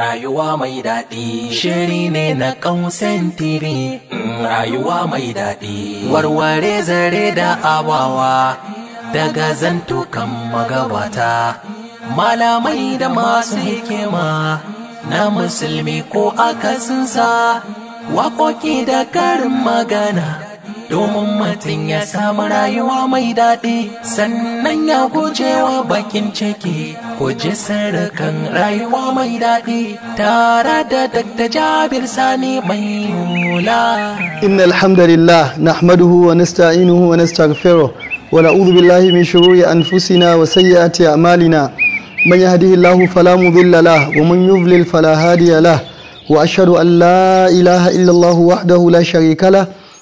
Rayuwa mai daɗi shiri ne na tiri. rayuwa mai daɗi warware zare da abawa daga zantukan magabata malamai da masu hikima na musulmi ko akasinsa Wakoki da karin magana domin mutum ya samu rayuwa mai daɗi sannan ya gujewa bakin ciki ko ji rayuwa mai daɗi tare da dakta jabir sani mai mula. inna alhamdulillah nahmaduhu wa nasta'inuhu wa nastaghfiruh wa na'udhu billahi min shururi anfusina wa sayyiati a'malina man yahdihillahu fala mudilla lahu wa man yudlil fala hadiya lahu وأشهد أن لا إله إلا الله وحده لا شريك له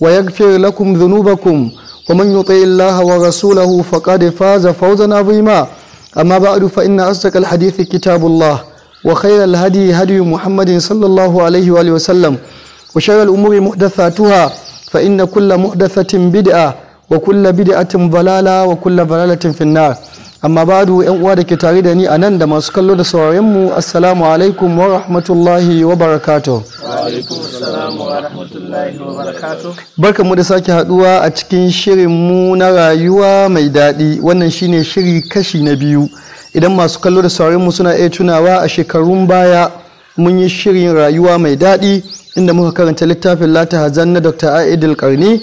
ويغفر لكم ذنوبكم ومن يطع الله ورسوله فقد فاز فوزا عظيما أما بعد فإن أصدق الحديث كتاب الله وخير الهدي هدي محمد صلى الله عليه وآله وسلم وشر الأمور محدثاتها فإن كل محدثة بدعة وكل بدعة ضلالة وكل ضلالة في النار amma badu yan uwa da ke tare da ni a nan da masu kallo da sauraron mu assalamu alaikum wa rahmatullahi wa barakato barka mu da sake haduwa a cikin shirin mu na rayuwa mai daɗi wannan shine shiri kashi na biyu idan masu kallo da sauraron mu suna iya tunawa a shekarun baya mun yi shirin rayuwa mai daɗi inda muka karanta littafin lata hazan na dr aidil karni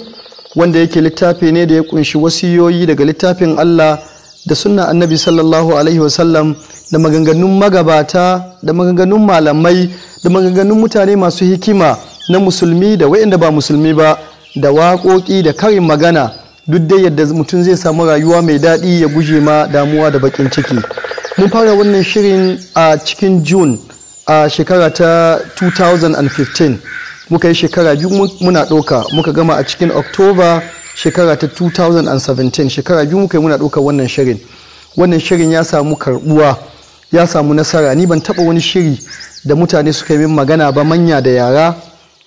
wanda yake littafi ne da ya kunshi wasiyoyi daga littafin allah da sunna annabi sallallahu alaihi wasallam da maganganun magabata da maganganun malamai da maganganun mutane masu hikima na musulmi da waɗanda ba musulmi ba da waƙoƙi da karin magana duk dai yadda mutum zai samu rayuwa mai daɗi ya guje ma damuwa da baƙin ciki mun fara wannan shirin a cikin june a shekara ta 2015 muka yi shekara biyu muna ɗauka muka gama a cikin october shekara ta 2017 shekara biyu muka yi muna ɗaukar wannan shirin wannan shirin ya samu karbuwa ya samu nasara ni ban taɓa wani shiri da mutane suka yi min magana ba manya da yara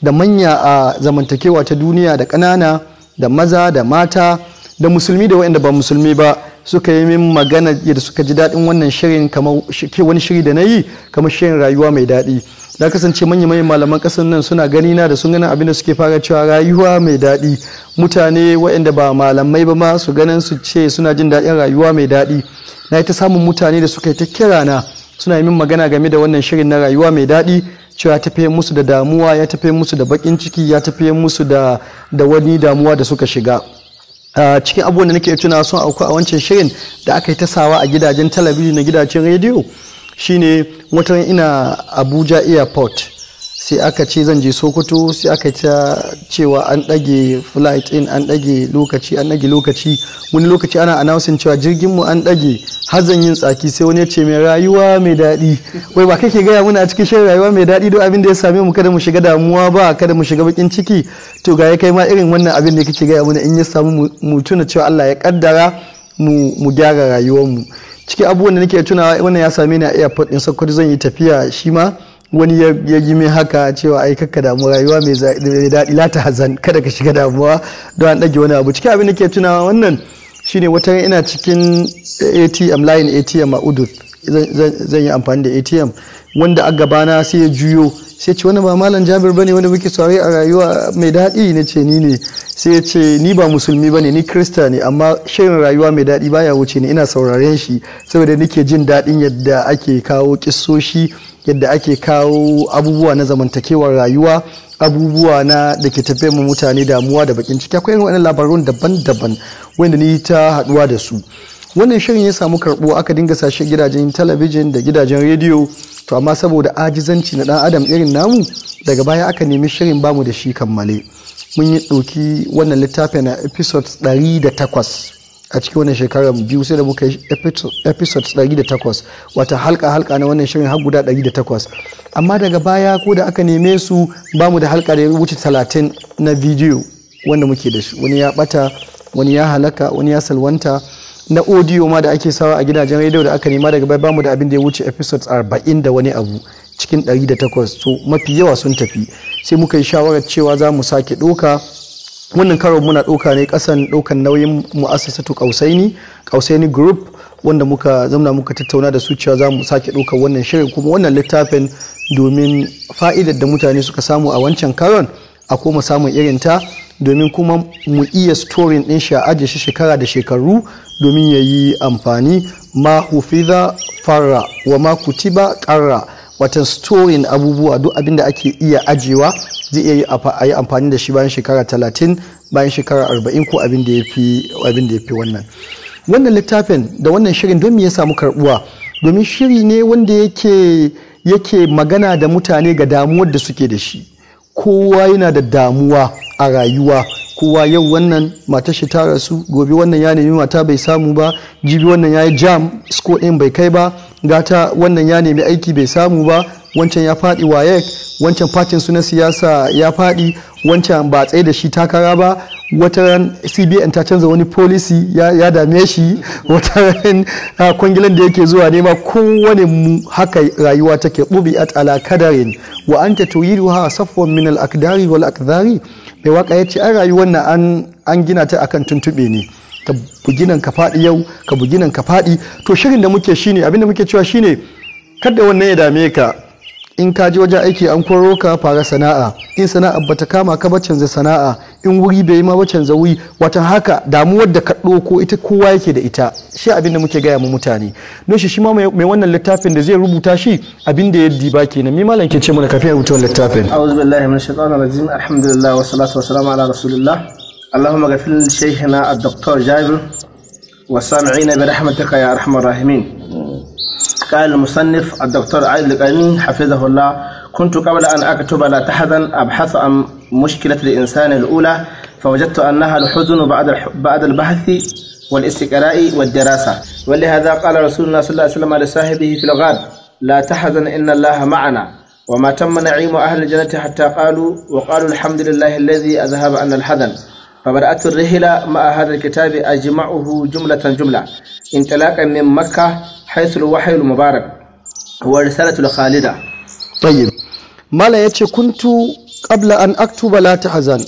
da manya a zamantakewa ta duniya da ƙanana da maza da mata da musulmi da waɗanda ba musulmi ba suka yi min magana yadda suka ji daɗin wannan shirin kamar wani shiri da na yi kamar shirin rayuwa mai daɗi na kasance manya manyan malaman kasan nan suna gani na da sun gani abin da suke fara cewa rayuwa mai daɗi mutane waɗanda ba malamai ba ma su ganin su ce suna jin daɗin rayuwa mai daɗi na yi ta samun mutane da suka yi ta kira na suna yi min magana game da wannan shirin na rayuwa mai daɗi cewa ya tafiye musu da damuwa ya tafiye musu da baƙin ciki ya tafiye musu da wani damuwa da suka shiga cikin abubuwan da nake tuna son auku a wancan shirin da aka yi ta sawa a gidajen talabijin na gidajen rediyo shine wata ina abuja airport sai aka ce zan je sokoto sai aka ta cewa an ɗage flight in an ɗage lokaci an ɗage lokaci wani lokaci ana announcing cewa jirgin mu an ɗage har zan yin tsaki sai wani ya ce mai rayuwa mai daɗi wai ba kake gaya muna a cikin shirin rayuwa mai daɗi don abin da ya same mu kada mu shiga damuwa ba kada mu shiga bakin ciki to ga ya kai ma irin wannan abin da kake gaya muna in ya samu mu tuna cewa Allah ya kaddara mu gyara rayuwar mu ciki abubuwan da nake tuna wannan ya same ni a airport din sokoto zan yi tafiya shi ma wani ya yi min haka cewa ai kakka damuwa rayuwa mai daɗi la hazan kada ka shiga damuwa don an ɗage wani abu ciki abin da ke tunawa wannan shine wata ina cikin atm layin atm a udud zan yi amfani da atm wanda a gabana sai ya juyo sai ce wani ba malam jabir bane wanda muke saurari a rayuwa mai daɗi na ce ni ne sai ce ni ba musulmi bane ni krista ne amma shirin rayuwa mai daɗi baya wuce ni ina sauraren shi saboda nake jin daɗin yadda ake kawo kissoshi yadda ake kawo abubuwa na zamantakewar rayuwa abubuwa na da ke tafe mu mutane damuwa da bakin ciki akwai wani labarun daban-daban wanda ni ta haɗuwa da su wannan shirin ya samu karɓo aka dinga sashe gidajen talabijin da gidajen rediyo to amma saboda ajizanci na dan adam irin namu daga baya aka nemi shirin bamu da shi kammale mun yi ɗauki wannan littafi na episodes 108 a cikin wannan shekarar biyu sai da muka yi episodes 108 wata halka halka na wannan shirin har guda 108 amma daga baya ko da aka neme su bamu da halka da ya wuce 30 na bidiyo wanda muke da shi wani ya bata wani ya halaka wani ya salwanta na audio ma da ake sawa a gidajen rediyo da aka nema daga bai bamu da abin da ya wuce episodes 40 da wani abu cikin 108 so mafi yawa sun tafi sai muka yi shawarar cewa za mu sake doka. wannan karo muna doka ne kasan ɗaukan nauyin mu'assasatu kausaini kausaini group wanda muka zamna muka tattauna da su cewa za mu sake doka wannan shirin kuma wannan littafin domin fa'idar da mutane suka samu a wancan karon a koma samun irinta domin kuma mu iya storin din shi a ajiye shi shekara da shekaru domin ya yi amfani ma hufiza farra wa ma kutiba karra watan storin abubuwa duk abin da ake iya ajiyewa zai iya yi amfani da shi bayan shekara talatin bayan shekara arba'in ko abin da ya fi wannan wannan littafin da wannan shirin don ya samu karbuwa domin shiri ne wanda yake magana da mutane ga damuwar da suke da shi kowa yana da damuwa a rayuwa kowa yau wannan mata shi ta rasu gobe wannan ya nemi mata bai samu ba jibi wannan ya yi jam score bai kai ba gata wannan ya nemi aiki bai samu ba wancan ya faɗi waye wancan fatin su na siyasa ya faɗi wancan ba tsaye da shi takara ba wata ran cbn ta canza wani policy ya dame shi wata wataran kwangilan da yake zuwa nema kowane mu haka rayuwa take bubi at ala kadarin wa ta tuyidu ha safwan min al akdari wal akdari mai waka ya ce a rayuwar na an gina ta akan tuntube ne ka buginan ka faɗi yau ka buginan ka faɗi to shirin da muke shine abinda muke cewa shine kada wannan ya dame ka in ka je wajen aiki an koro ka fara sana'a in sana'a bata kama ka ba canza sana'a in wuri bai yi ma ba canza wuri wata haka damuwar da ka ɗauko ita kowa yake da ita shi abin da muke gaya mu mutane don shi shi ma mai wannan littafin da zai rubuta shi abin da ya diba kenan mi malam ke ce mana kafin rubuta wannan littafin a'udhu billahi minash shaitanir rajim alhamdulillah wa salatu wa salam ala rasulillah allahumma ghafir li shaykhina ad-doktor jabir wa sami'ina bi rahmatika ya arhamar rahimin قال المصنف الدكتور عائد القيمي حفظه الله كنت قبل أن أكتب لا تحزن أبحث عن مشكلة الإنسان الأولى فوجدت أنها الحزن بعد بعد البحث والاستقراء والدراسة ولهذا قال رسول الله صلى الله عليه وسلم لصاحبه في الغار لا تحزن إن الله معنا وما تم نعيم أهل الجنة حتى قالوا وقالوا الحمد لله الذي أذهب عنا الحزن فبرأت الرحلة مع هذا الكتاب أجمعه جملة جملة انطلاقا من مكة حيث الوحي المبارك رسالة الخالدة طيب ما ya ce kuntu qabla an aktuba la tahzan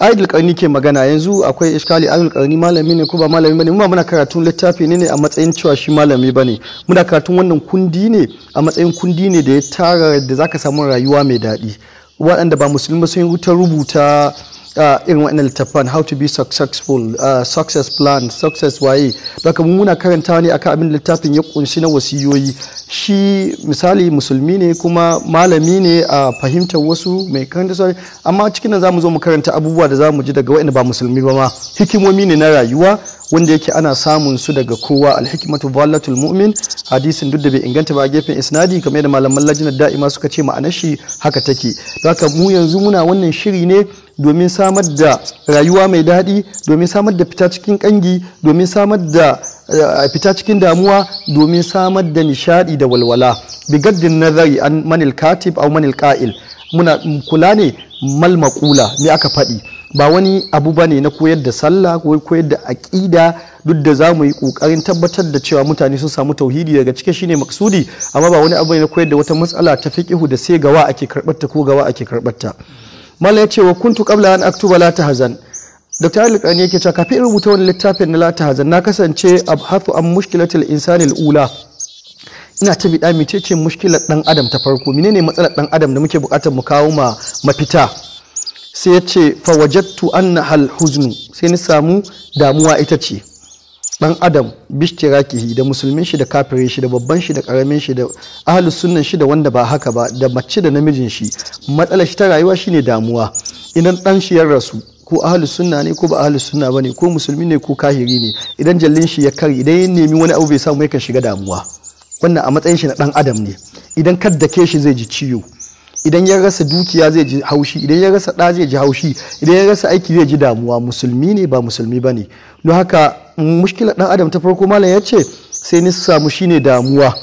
aidul karni ke magana yanzu akwai iskali aidul karni malami ne ko ba malami bane muna muna karatun littafi ne ne a matsayin cewa shi malami bane muna karatun wannan kundi ne a matsayin kundi ne da ya tara da zaka samu rayuwa mai daɗi waɗanda ba musulmi sun ta rubuta irin waɗannan littattafan how to be successful success plan success waye daga muna karanta ne akan abin littafin ya kunshi na wasiyoyi shi misali musulmi ne kuma malami ne a fahimtar wasu mai karanta sauri amma cikin nan mu zo mu karanta abubuwa da za mu ji daga waɗanda ba musulmi ba ma hikimomi ne na rayuwa wanda yake ana samun su daga kowa alhikmatu dhallatul mu'min hadisin duk da bai inganta ba gefen isnadi kamar da malaman lajinar da'ima suka ce ma'anar shi haka take haka mu yanzu muna wannan shiri ne domin samar da rayuwa mai daɗi domin samar da fita cikin kangi domin samar da eh, fita cikin damuwa domin samar da nishadi da walwala bigaddin nazari an manil katib au manil ka'il muna kula ne mal maƙula me aka faɗi ba wani abu ba ne na koyar da sallah ko koyar da aƙida duk da za mu yi ƙoƙarin tabbatar da cewa mutane sun samu tauhidi daga cike shine maksudi amma ba wani abu ne na koyar da wata matsala ta fiqihu da sai gawa ake karɓarta ko gawa ake karɓarta mallam ya ce wa kuntu qabla an aktuba la tahzan Dr. Ali Kani yake cewa kafin rubuta wani littafin na la tahzan na kasance abhathu an mushkilatil insani ula ina ta bida mecece mushkilar dan adam ta farko menene matsalar dan adam da muke bukatar mu kawo ma mafita sai ya ce fawajattu anna hal huznu sai ni samu damuwa ita ce dan adam bishtiraki da musulmin shi da kafirin shi da babban shi da karamin shi da ahlus sunnan shi da wanda ba haka ba da mace da namijin shi matsalar shi ta rayuwa shi ne damuwa idan dan shi ya rasu ko ahlus sunna ne ko ba ahlus sunna bane ko musulmi ne ko kahiri ne idan jallin shi ya kari idan ya nemi wani abu bai samu yakan shiga damuwa wannan a matsayin shi na dan adam ne idan kaddake shi zai ji ciwo idan ya rasa dukiya zai ji haushi idan ya rasa ɗa zai ji haushi idan ya rasa aiki zai ji damuwa musulmi ne ba musulmi ba ne don haka mushkilar ɗan adam ta farko malam ya ce sai ni samu shi ne damuwa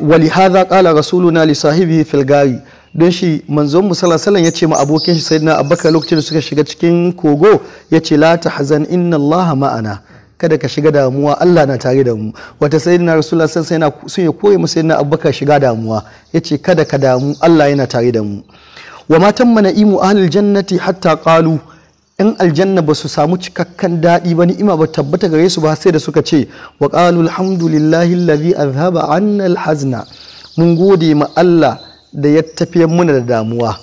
wali hadha qala rasuluna li sahibi fil gari don shi manzon mu ya ce ma abokin shi sai sayyidina abubakar lokacin da suka shiga cikin kogo ya ce la hazan inna allaha ma'ana kada ka shiga damuwa Allah na tare da mu wata sayyidina rasulullah sallallahu alaihi wasallam sun ya koyi masa sayyidina abubakar shiga damuwa Ya ce, kada ka damu Allah yana tare da mu wa matan mana'imu ahlul jannati hatta Kalu, in aljanna ba su samu cikakken daɗi ba ni'ima ba tabbata gare su ba sai da suka ce wa qalu alhamdulillahi allazi azhaba anna hazna. mun gode ma Allah da ya tafiye muna da damuwa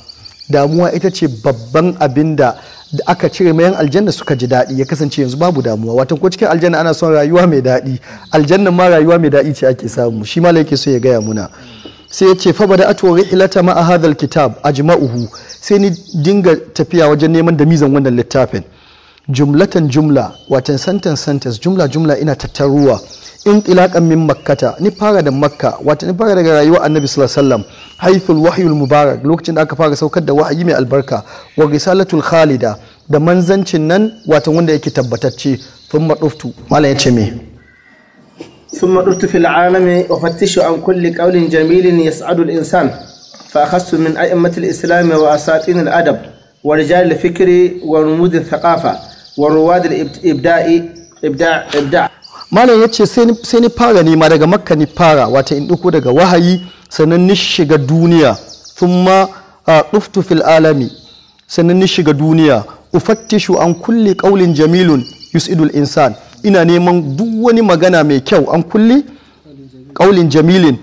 damuwa ita ce babban abinda da da aka cire mayan aljanna suka ji daɗi ya kasance yanzu babu damuwa watan ko cikin aljanna ana son rayuwa mai daɗi aljanna ma rayuwa mai daɗi ce ake samu shi ma yake so ya gaya muna sai ya ce fa bada atuwa ilata ma hadal kitab ajma'uhu sai ni dinga tafiya wajen neman da mizan wannan littafin jumlatan jumla watan sentence sentence jumla jumla ina tattaruwa intilaqan min makkata ni fara da makka wato ni fara daga rayuwar annabi sallallahu alaihi wasallam wahyul mubarak lokacin da aka fara saukar da wahayi mai albarka wa risalatul khalida da manzancin nan wato wanda yake tabbatacce thumma duftu malam yace me thumma duftu fil alami wa fattishu an kulli qawlin jamilin yas'adu al insan fa akhadtu min aimmatul islam wa asatin al adab wa rijal al fikri wa rumud al thaqafa wa ruwad al ibda'i ibda' ibda' malam ya ce sai ni fara nema daga makka ni fara wata in ɗauko daga wahayi sannan ni shiga duniya thumma ɗuftu fil alami sannan ni shiga duniya ufattishu an kulli ƙaulin jamilun yusidul insan ina neman duk wani magana mai kyau an kulli ƙaulin jamilin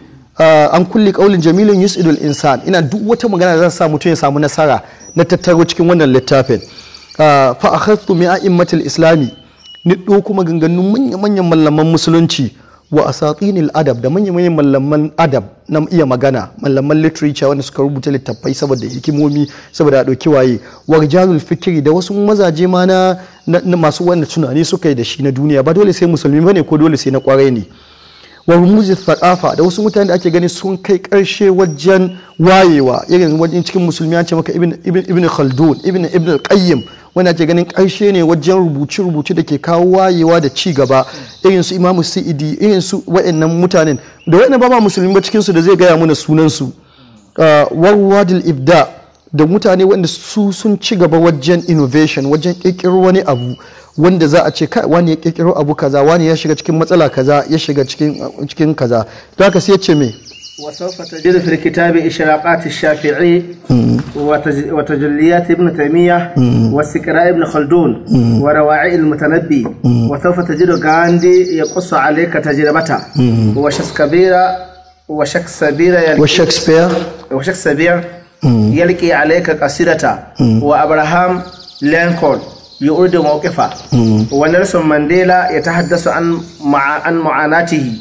an kulli ƙaulin yusidul insan ina duk wata magana zan sa mutum ya samu nasara na tattaro cikin wannan littafin fa akhadtu min islami ni kuma maganganun manya-manyan mallaman musulunci wa asatinil adab da manya-manyan mallaman adab na iya magana mallaman literature wanda suka rubuta littattafai saboda hikimomi saboda a ɗauki waye warjalul fikiri da wasu mazaje ma na masu wanda tunani suka yi da shi na duniya ba dole sai musulmi ba ne ko dole sai na kwarai ne wa rumuzi thaqafa da wasu mutane da ake gani sun kai karshe wajen wayewa irin wajen cikin musulmi an ce maka ibn ibn khaldun ibn ibn al-qayyim wanda ke ganin karshe ne wajen rubuce-rubuce da ke kawo wayewa da ci gaba irin su imamu cid irin su wa'annan mutanen da wa'annan ba ma musulmi ba cikin da zai gaya mana sunan su ah, warwadil ibda da mutane wanda su sun ci gaba wajen innovation wajen kirkiro wani abu wanda za a ce kai wani ya kirkiro abu kaza wani ya shiga cikin matsala kaza ya shiga cikin kaza to haka sai ce me وسوف تجد في الكتاب إشراقات الشافعي وتجليات ابن تيمية والسكراء ابن خلدون ورواعي المتنبي وسوف تجد غاندي يقص عليك تجربته وشخص وشخص وشخص وشكسبير وشخص وشكسبير يلقي عليك قصيرته وأبراهام لينكولن يؤرد موقفه ونلسون مانديلا يتحدث عن معاناته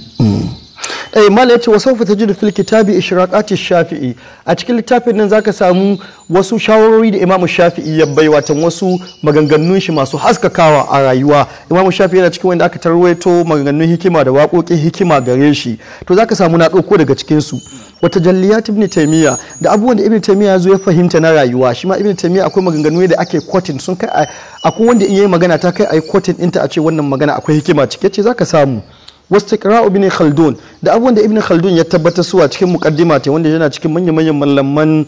eh mala yace wasawfa tajidu fil kitabi ishraqati shafi'i a cikin littafin nan zaka samu wasu shawarori da imamu shafi'i ya bai watan wasu maganganun shi masu haskakawa a rayuwa imamu shafi'i yana cikin wanda aka tarwaito maganganun hikima da waƙoƙin hikima gare shi to zaka samu na ɗauko daga cikin su wata jalliyat ibn taymiya da abubuwan da ibn taymiya zo ya fahimta na rayuwa shi ma ibn taymiya akwai maganganu da ake quoting sun kai akwai wanda in yayi magana ta kai ai quoting ɗinta a ce wannan magana akwai hikima cike ce zaka samu wastiqra'u ibn khaldun da abubuwan da ibn khaldun ya tabbatar su a cikin mukaddima ta wanda yana cikin manyan manyan malaman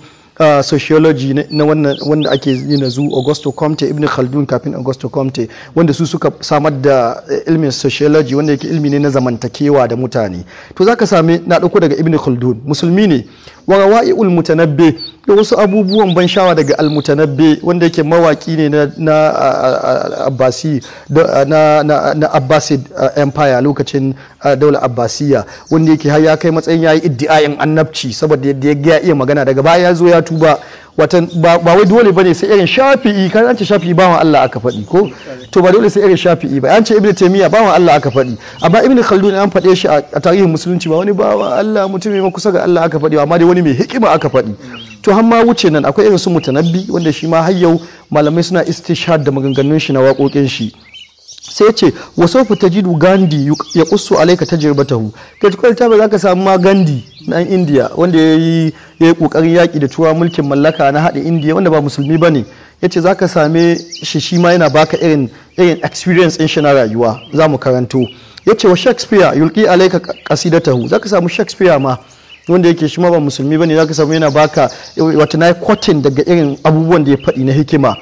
sociology na wanda ake yi na zu Augusto Comte ibn Khaldun kafin Augusto Comte wanda su suka samar da ilmin sociology wanda yake ilmi ne na zamantakewa da mutane to zaka same na dauko daga ibn Khaldun musulmi ne wa rawa'iul mutanabbi da wasu abubuwan ban shawa daga almutanabbe wanda yake mawaki ne na abbasi na abbasid empire lokacin daular abbasiya wanda yake har ya kai matsayin ya yi iddiayin annabci saboda yadda ya iya magana daga baya ya zo ya tuba watan ba wai dole bane sai irin shafi'i kan an ce shafi'i bawan Allah aka faɗi ko to ba dole sai irin shafi'i ba an ce ibnu taymiya bawan Allah aka faɗi amma ibnu khaldun an faɗe shi a tarihin musulunci ba wani bawan Allah mutum mai kusa ga Allah aka faɗi amma dai wani mai hikima aka faɗi to har ma wuce nan akwai irin su mutanabbi wanda shi ma har yau malamai suna istishhad da maganganun shi na wakokin shi sai ce wasu sofu ta jidu gandhi ya kusu alaika ta jirbatahu kai cikin ta ba za ka samu ma gandhi na indiya wanda ya yi kokarin yaƙi da tuwa mulkin mallaka na haɗin indiya wanda ba musulmi ba ne ya ce za ka same shi shi ma yana baka irin irin experience ɗin shi na rayuwa za mu karanto ya ce wa shakespeare yulki alaika kasidatahu za ka samu shakespeare ma wanda yake shi ma ba musulmi bane zaka samu yana baka wata na daga irin abubuwan da ya faɗi na hikima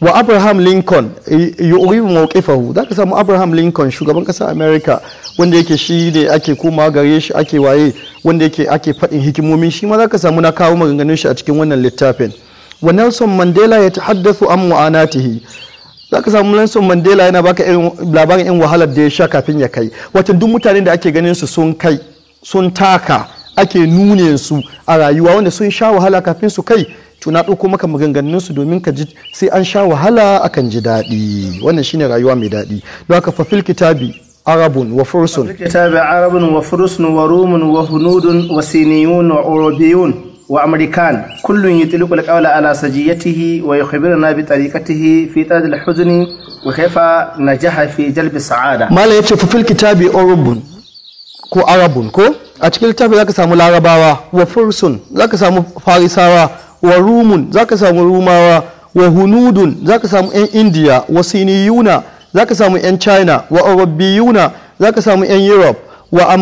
wa abraham lincoln uribu mawqifahu zaka samu abraham lincoln shugaban kasar america wanda yake shi ne ake koma gare shi ake waye wanda yake ake faɗin hikimomi shi ma zaka samu na kawo maganganun shi a cikin wannan littafin wa nelson mandela ya tahaddathu an mu'anatihi za samu Nelson Mandela yana baka irin labarin yan wahalar da ya sha kafin ya kai watan duk mutanen da ake ganin su sun kai sun taka ake nune su a rayuwa wanda sun sha wahala kafin su kai Tuna ɗauko maka maganganun su domin ka ji sai an sha wahala akan ji daɗi wannan shine rayuwa mai daɗi don haka fafil kitabi arabun wa fursun kitabi arabun wa fursun wa rumun wa hunudun wa siniyun wa urubiyun وأمريكان كل يطلق القول على سجيته ويخبرنا بطريقته في طرد الحزن na نجح في جلب السعادة ما ce يتشف kitabi الكتاب أوروب ko Arabun ko. a cikin littafin za ka samu larabawa wa fursun ka samu farisawa wa rumun ka samu rumawa wa hunudun ka samu yan indiya wa siniyuna ka samu yan china wa arabiyuna ka samu yan europe wa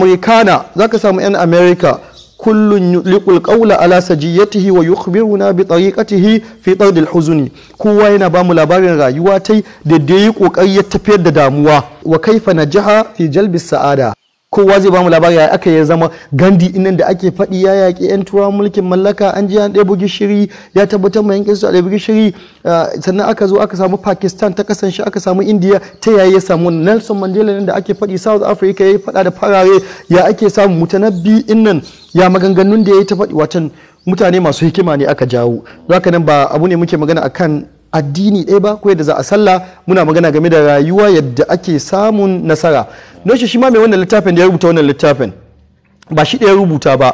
za ka samu yan america kullun yuliqul qawla ala sajiyatihi wa yukhbiruna bi tariqatihi fi tardil huzuni kowa yana ba mu labarin rayuwa tai da da kokari ya tafiyar da damuwa wa kaifa jiha fi jalbis sa'ada kowa zai bamu labari ya aka ya zama gandi inan da ake faɗi ya yaƙi 'yan tuwa mulkin mallaka an ji an ɗebo gishiri ya tabbatar ma yankin su a ɗebi gishiri ah, sannan aka zo aka samu pakistan ta kasance aka samu india ta yaya ya samu nelson mandela nan da ake faɗi south africa ya yi faɗa da farare ya ake samu mutanabbi innan ya maganganun da ya yi ta faɗi watan mutane masu hikima ne aka jawo haka nan ba abu ne muke magana akan addini ɗaya ba ko yadda za a sallah muna magana game da rayuwa yadda ake samun nasara don shi shi ma mai wannan littafin da ya rubuta wannan littafin ba shi ɗaya rubuta ba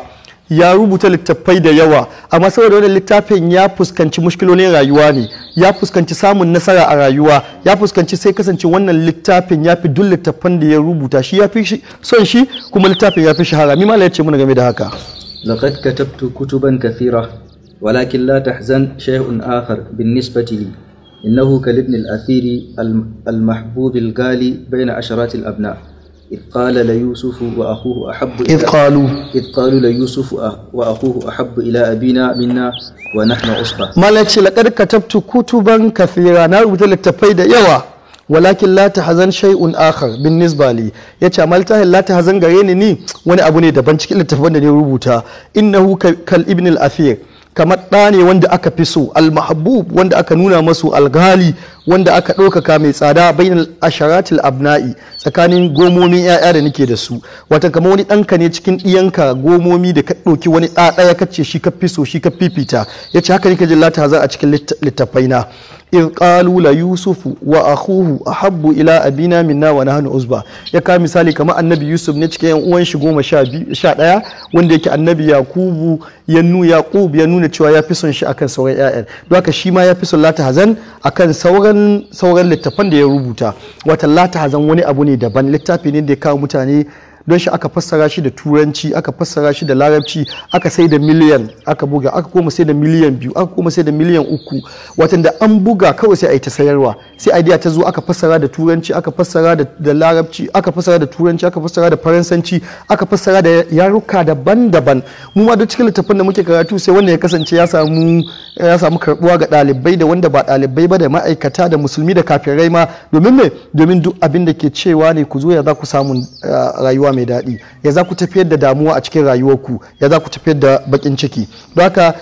ya rubuta littattafai da yawa amma saboda wannan littafin ya fuskanci mushkilolin rayuwa ne ya fuskanci samun nasara a rayuwa ya fuskanci sai kasance wannan littafin ya fi duk littattafan da ya rubuta shi ya fi son shi kuma littafin ya fi shahara mi ma ya ce muna game da haka laqad katabtu kutuban kathira ولكن لا تحزن شيء آخر بالنسبة لي إنه كالابن الأثير المحبوب الغالي بين عشرات الأبناء إذ قال ليوسف وأخوه أحب إذ قالوا إذ قالوا ليوسف وأخوه أحب إلى أبينا منا ونحن أصبع ما لقد كتبت كتبا كثيرة نار للتفيد يوا walakin la tahzan shay'un akhar bin nisbali yace amma لا تحزن غيرني gare ni ni wani abu ne daban cikin littafin da kamar ɗa ne wanda aka fi so almahabub wanda aka nuna masu alghali wanda aka ɗaukaka mai tsada bayan asharatil abna'i tsakanin gomomin 'ya'ya da nake da su wata kama wani ɗanka ne cikin ɗiyanka gomomi da ka ɗauki wani ɗaya ka ce shi ka fiso shi ka fifita ya ce haka nika jin lataza a cikin littafai na in qalu la yusufu wa akhuhu ahabbu ila abina minna wa nahnu uzba ya ka misali kamar annabi yusuf ne cikin yan uwan shi goma sha ɗaya wanda yake annabi yakubu ya nu ya nuna cewa ya fi son shi akan sauran 'ya'yan don haka shi ma ya fi son lata hazan akan sauran sauran sauran littafan da ya rubuta wata lata hazan wani abu ne daban littafi ne da ya kawo mutane don shi aka fassara shi da turanci aka fassara shi da larabci aka sai da miliyan aka buga aka koma sai da miliyan biyu aka koma sai da miliyan uku watan da an buga kawai sai a yi ta sayarwa sai a ta zo aka fassara da turanci aka fassara da larabci aka fassara da turanci aka fassara da faransanci aka fassara da yaruka daban-daban mu ma duk cikin littafin da muke karatu sai wanda ya kasance ya samu ya samu karbuwa ga ɗalibai da wanda ba ɗalibai ba da ma'aikata da musulmi da kafirai ma domin me domin duk abin da ke cewa ne ku zo ya za ku samu eh, rayuwa mai daɗi ya za ku tafiyar da damuwa a cikin rayuwarku ya za ku tafiyar da bakin ciki don haka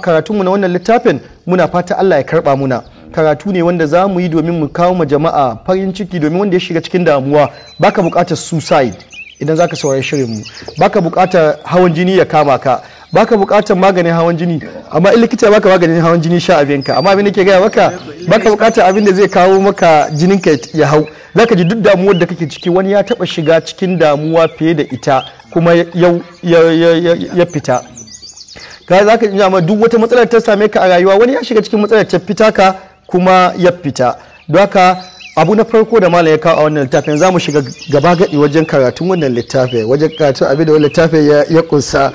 karatunmu na wannan littafin muna fata Allah ya karɓa muna karatu ne wanda za mu yi domin mu kawo ma jama'a farin ciki domin wanda ya shiga cikin damuwa baka buƙatar suicide idan zaka saurari shirin mu baka buƙatar hawan jini ya kama ka baka bukatar maganin hawan jini amma in likita baka maganin hawan jini sha abinka amma abin da ke gaya maka baka bukatar abin da zai kawo maka jininka ya hau zaka ji duk damuwar da kake ciki wani ya taba shiga cikin damuwa fiye da ita kuma yau ya fita ka za ka ma duk wata matsalar ta same ka a rayuwa wani ya shiga cikin matsalar ta fita ka kuma ya fita don haka abu na farko da malam ya kawo a wannan littafin za mu shiga gaba gadi wajen karatun wannan littafin wajen karatun abin da wannan littafin ya kunsa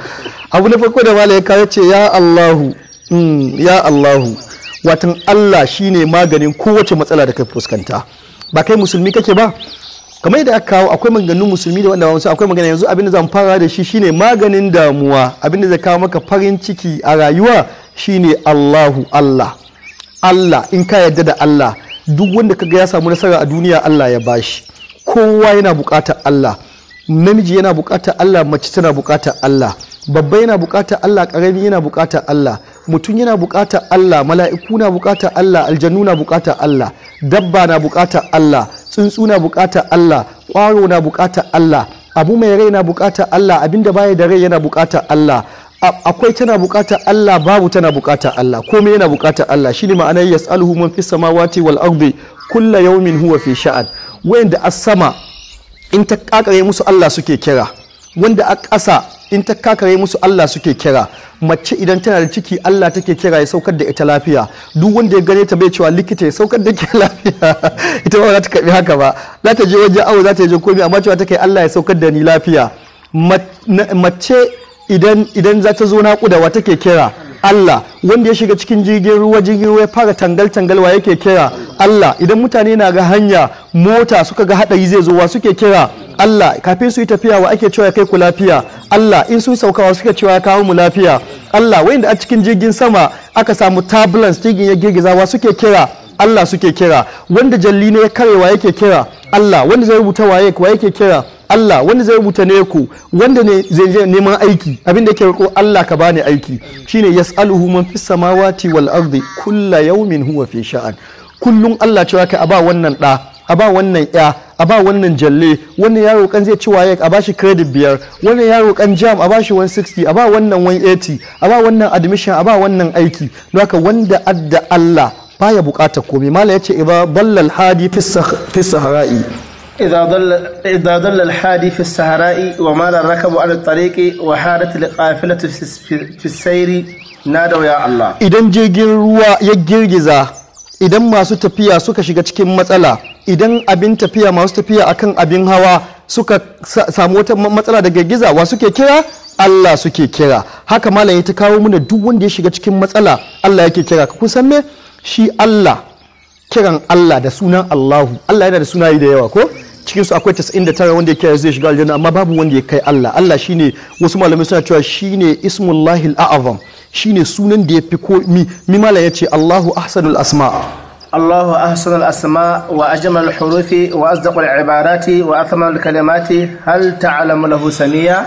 abu na farko da malam ya kawo ce ya Allahu mm, ya Allahu watan Allah shine maganin kowace matsala da kai fuskanta ba kai musulmi kake ba kamar yadda aka kawo akwai maganganun musulmi da wanda ba musulmi akwai magana yanzu abin da zan fara da shi shine maganin damuwa abin da zai kawo maka farin ciki a rayuwa shine Allahu Allah Allah in ka yarda da Allah duk wanda kaga ya samu nasara a duniya Allah ya bashi kowa yana bukatar Allah namiji yana bukatar Allah mace tana bukatar Allah babba yana bukatar Allah karami yana bukatar Allah mutum yana bukatar Allah mala'iku na bukatar Allah aljannu na bukatar Allah dabba na bukatar Allah tsuntsu na bukatar Allah ƙwaro na buƙatar Allah abu mai rai na buƙatar Allah abinda baya da rai yana buƙatar Allah akwai tana buƙatar Allah babu tana bukatar Allah komai yana bukatar Allah shine ma'anar yas'aluhu man fis samawati wal ardi kullu yawmin huwa fi sha'an wayanda as-sama in ta kakare musu Allah suke kira wanda a ƙasa in ta kakare musu Allah suke kira mace idan tana da ciki Allah take kira ya saukar da ita lafiya duk wanda ya gane ta bai cewa likita ya saukar da ke lafiya ita ba za ta karbi haka ba za ta je wajen awo za ta je komai amma cewa take Allah ya saukar da ni lafiya mace idan idan za ta zo naƙuda wa take kira Allah wanda ya shiga cikin jirgin ruwa jirgin ruwa ya fara tangal tangal wa yake kira Allah idan mutane na ga hanya mota suka ga haɗari zai zo wa suke kira Allah kafin su yi tafiya wa ake cewa ya kai ku lafiya Allah in sun saukawa suke cewa ya kawo mu lafiya Allah wanda a cikin jirgin sama aka samu turbulence jirgin ya wa suke kira Allah suke kira wanda jalli ne ya karewa yake kira Allah wanda zai rubuta wa yake kira Allah wanda zai rubuta ne ko wanda ne zai neman aiki abin da yake roƙo Allah ka bani aiki shine yas'aluhu man fis samawati wal ardi kullu yawmin huwa fi sha'an kullum Allah cewa ka aba wannan ɗa a ba wannan ya a ba wannan jalle wannan yaro kan zai ci waye a ba shi credit biyar wannan yaro kan jam a ba shi 160 a ba wannan 180 a ba wannan admission a ba wannan aiki don haka wanda adda Allah baya bukatar komai mala yace iba hadi fis sahara'i إذا ضل الحادي في السهراء ومال الركب على الطريق وحارت القافلة في السير نادوا يا الله إذا jirgin ruwa ya girgiza idan masu tafiya suka shiga cikin matsala idan abin tafiya masu tafiya akan abin hawa suka samu wata matsala da girgiza wa suke kira Allah suke kira haka malam ya ta kawo mana duk wanda ya shiga cikin matsala Allah yake kira kun san me shi Allah kiran Allah da sunan Allahu Allah yana da sunaye da yawa ko cikin su akwai 99 wanda yake zai shiga aljanna amma babu wanda ya kai Allah Allah shine wasu malamai suna cewa shine ismullahi al'azam azam shine sunan da ya fi ko mi mi malam yace Allahu ahsanul asma Allahu ahsanul asma wa ajmal hurufi wa azdaqul ibarati wa athmanul kalimati hal ta'lamu lahu samiya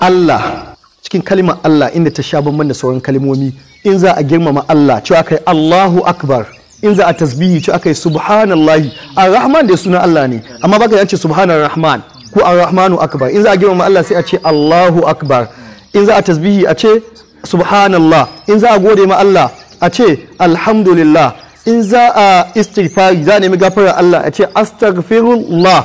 Allah cikin kalmar Allah inda ta sha bamban da sauran kalmomi in za a girmama Allah cewa kai Allahu akbar in za a tasbihi ci aka yi subhanallahi ar-rahman da sunan Allah ne amma baka yace subhanar rahman ko ar-rahmanu akbar in za a girmama Allah sai a ce Allahu akbar in za a tasbihi a ce subhanallah in za a gode ma Allah a ce alhamdulillah in za a istighfari za a nemi gafarar Allah a ce astaghfirullah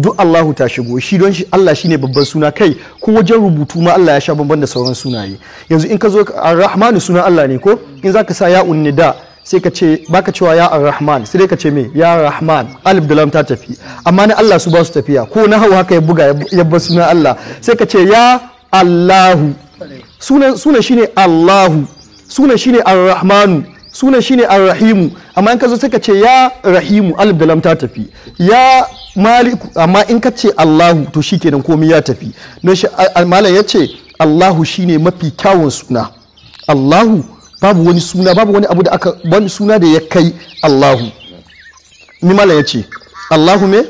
duk Allahu ta shigo shi don shi Allah shine babban suna kai ko wajen rubutu ma Allah ya sha bamban da sauran sunaye yanzu in ka zo ar-rahmanu sunan Allah ne ko in za ka sa ya'un nida sai ka ce baka cewa ya ar-rahman sai dai ka ce me ya rahman alif da ta tafi amma na Allah su ba su tafiya ko na hau haka ya buga ya bar sunan Allah sai ka ce ya Allahu sunan sunan shine Allahu sunan shine ar-rahmanu sunan shine ar-rahimu amma in ka zo sai ka ce ya rahimu alif da ta tafi ya maliku amma in ka ce Allahu to shi kenan komai ya tafi don malam ya ce Allahu shine mafi kyawun suna Allahu babu wani suna babu wani abu da aka wani suna da ya kai Allahu ni mala ya ce Allahu me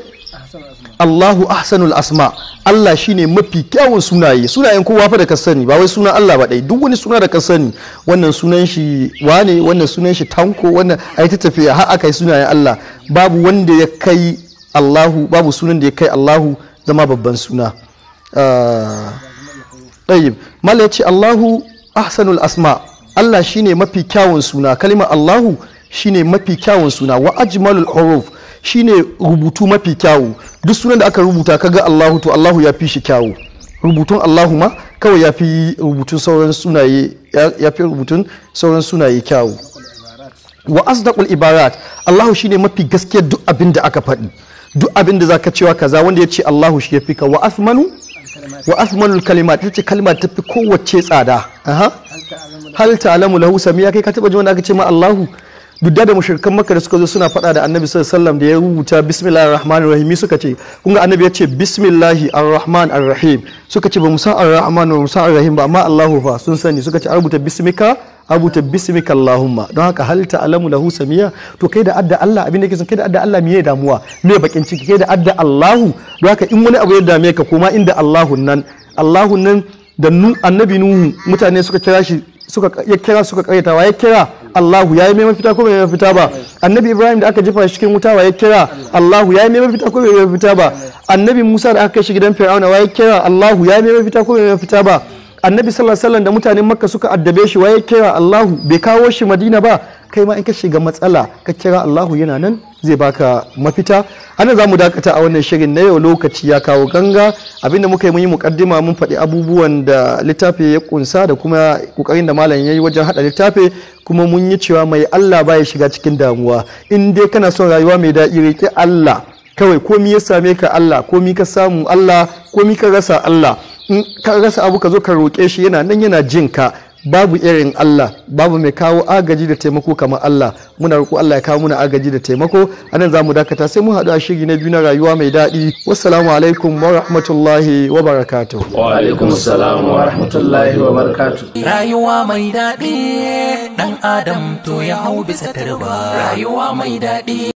Allahu ahsanul asma Allah shine mafi kyawun sunaye sunayen kowa fa da ka sani ba wai suna Allah ba dai duk wani suna da ka sani wannan sunan shi wane wannan sunan shi tanko wannan ai ta tafiya har aka yi sunayen Allah babu wanda ya kai Allahu babu sunan da ya kai Allahu zama babban suna uh, ah, mala ya ce Allahu ahsanul asma Allah shine mafi kyawun suna kalimar Allahu shine mafi kyawun suna wa ajmalul huruf shine rubutu mafi kyawu duk sunan da aka rubuta kaga Allahu to Allahu ya fi shi kyawu rubutun Allahu ma kawai ya fi rubutun sauran sunaye ya fi rubutun sauran sunaye kyawu wa asdaqul ibarat Allahu shine mafi gaskiyar duk abin da aka faɗi duk abin da zaka cewa kaza wanda ya ce Allahu shi ya fi ka wa asmanu wa asmanul kalimat ita ce kalma ta fi kowace tsada aha hal ta'lamu lahu samiya kai ka taba ji wanda aka ce ma Allahu duk da mushrikan makka da suka zo suna faɗa da annabi sallallahu alaihi wasallam da ya rubuta bismillahir rahmanir rahim suka ce kun ga annabi ya ce bismillahi arrahman arrahim suka ce ba mu san arrahman ba mu arrahim ba amma Allahu fa sun sani suka ce rubuta bismika rubuta bismika allahumma don haka hal ta'lamu lahu samiya to kai da adda Allah abin da yake son kai da adda Allah miye damuwa me bakin ciki kai da adda Allahu don haka in wani abu ya dame ka koma inda Allahun nan Allahun nan da annabi nuhu mutane suka kira shi suka ya kira suka karyata wa ya kira Allahu ya yi mai mafita ko bai mafita ba annabi Ibrahim da aka jifa shi cikin wuta wa ya kira Allahu ya yi mai mafita ko bai mafita ba annabi Musa da aka kai shi gidan Fir'auna wa ya kira Allahu ya yi mai mafita ko bai mafita ba annabi sallallahu alaihi wasallam da mutanen Makka suka addabe shi wa ya kira Allahu bai kawo shi Madina ba kai ma in ka shiga matsala ka kira Allahu yana nan zai baka mafita ana za mu dakata a wannan shirin na yau lokaci ya kawo ganga abinda muka yi mun yi mukaddima mun faɗi abubuwan da littafi ya kunsa da kuma kokarin da malam yayi wajen hada littafi kuma mun yi cewa mai Allah baya shiga cikin damuwa in dai kana son rayuwa mai daɗi rike Allah kawai komi ya same ka Allah komi ka samu Allah komi ka rasa Allah in ka rasa abu ka zo ka roƙe shi yana nan yana jin ka babu irin Allah babu mai kawo agaji da taimako kamar Allah muna roƙo Allah ya kawo muna agaji da taimako anan zamu dakata sai mun haɗu a shiri na biyu na rayuwa mai daɗi wassalamu alaikum wa rahmatullahi wa barakatuh wa alaikum assalam wa rahmatullahi wa barakatuh rayuwa mai daɗi dan adam to ya hau bisa tarba rayuwa mai daɗi